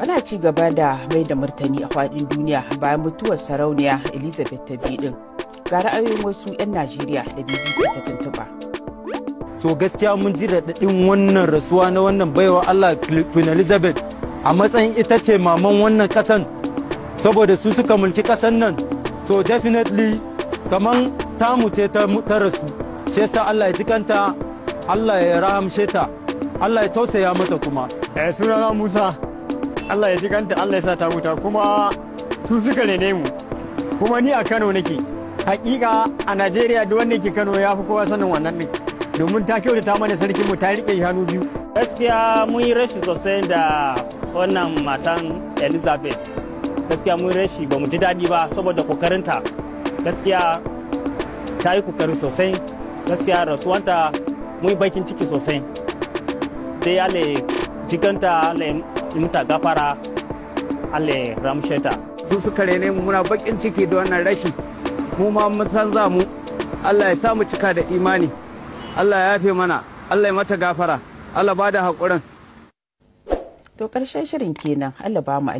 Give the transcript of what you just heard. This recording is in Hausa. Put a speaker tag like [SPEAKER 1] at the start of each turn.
[SPEAKER 1] ana ci gaba da mai da martani a faɗin duniya bayan mutuwar sarauniya elizabeth ta biyu din ga ra'ayoyin wasu 'yan najeriya da bbc ta tuntuɓa
[SPEAKER 2] to gaskiya mun ji raɗaɗin wannan rasuwa na wannan baiwa allah queen elizabeth a matsayin ita ce maman wannan kasan saboda su suka mulki kasan nan so definitely kaman tamu ce ta rasu shi yasa allah ya ji kanta allah ya rahamshe ta allah ya tausaya mata kuma eh, sunana musa
[SPEAKER 3] Allah ya ji kanta Allah ya sa ta huta kuma su suka rene mu kuma ni a Kano nake hakika a Najeriya duk wanda yake Kano ya fi kowa sanin wannan din domin ta kyautata mana sarkin mu ta rike hannu biyu
[SPEAKER 4] gaskiya mun yi rashi sosai da wannan matan Elizabeth gaskiya mun rashi ba mu ji dadi ba saboda kokarinta gaskiya ta yi kokari sosai gaskiya rasuwanta mun yi bakin ciki sosai dai Allah jikanta Allah yi
[SPEAKER 5] gafara Allah ya ramshe ta su suka rene mu muna bakin ciki da wannan rashi mu ma mun san za mu Allah ya sa mu cika da imani Allah ya yafe mana
[SPEAKER 1] Allah ya mata gafara Allah ba da haƙurin to ƙarshen shirin kenan Allah ba mu